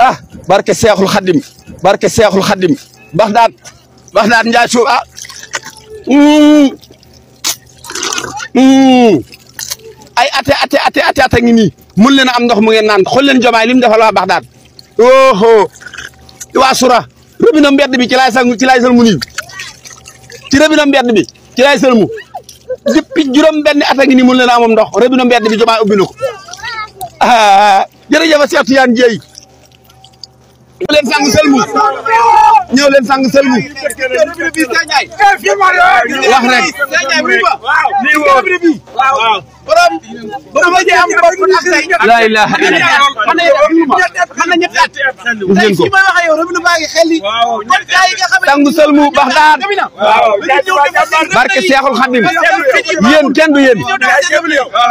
ah barke Seexul Xadim barke Seexul Xadim bax daat bax daat njaay suuf ah mm. mm. ay ate ate ate ate ate ngi nii mun leen a am ndox mu ngeen naan xool leen jomaay li mu defal waa bax daat oho waa sura robinet mbedd bi ci laay sang ci laay sëlmu nii ci robinet mbedd bi ci laay sëlmu depuis juróom benn at a ngi nii mun leen a amam ndox robinet mbedd bi jomaay ubbi na ko ah, jërëjëf Cheikh Tidiane Dieye ñëw leen sang sëlmu ñëw leen sang sëlmu wax rek borom borom am la ilaha illallah at gis ngeen ko tey fii ma wax ak yow robinet baa ngi xel yi. waaw tàngu sëlmu baxdaar. barke Seexul Xadim yéen kenn du yéen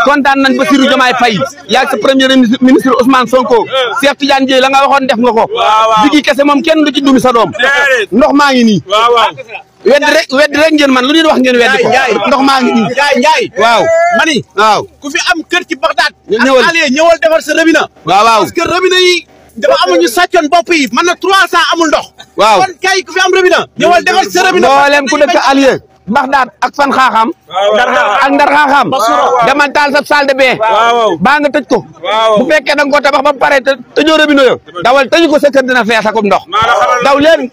kontaan nañ Bassirou Diomaye Faye yaag sa premier ministre Ousmane Sonko Cheikh Tidiane Dièye la nga waxoon def nga ko digi kese moom kenn du ci dumi sa doom ndox maa ngi nii wedd rek wedd rek ngeen man lu ngeen wax ngeen wedd ndox maa ngi nii njaay njaay waaw mani waaw ku fi am kër ci Bagdad ñëwal ñëwal defar sa waaw waaw dafa amuñu saccion bop yi man na 300 amul ndox waaw kon kay ku fi am rebina ñewal defal ci rebina lolem ku nekk alié Baghdad ak fan khaxam ak ndar khaxam dama tal sa salle de bain ba nga tejj ko bu fekke da nga tabax ba pare tejj rebino yo dawal tejj ko sa keur dina fex ak ndox daw len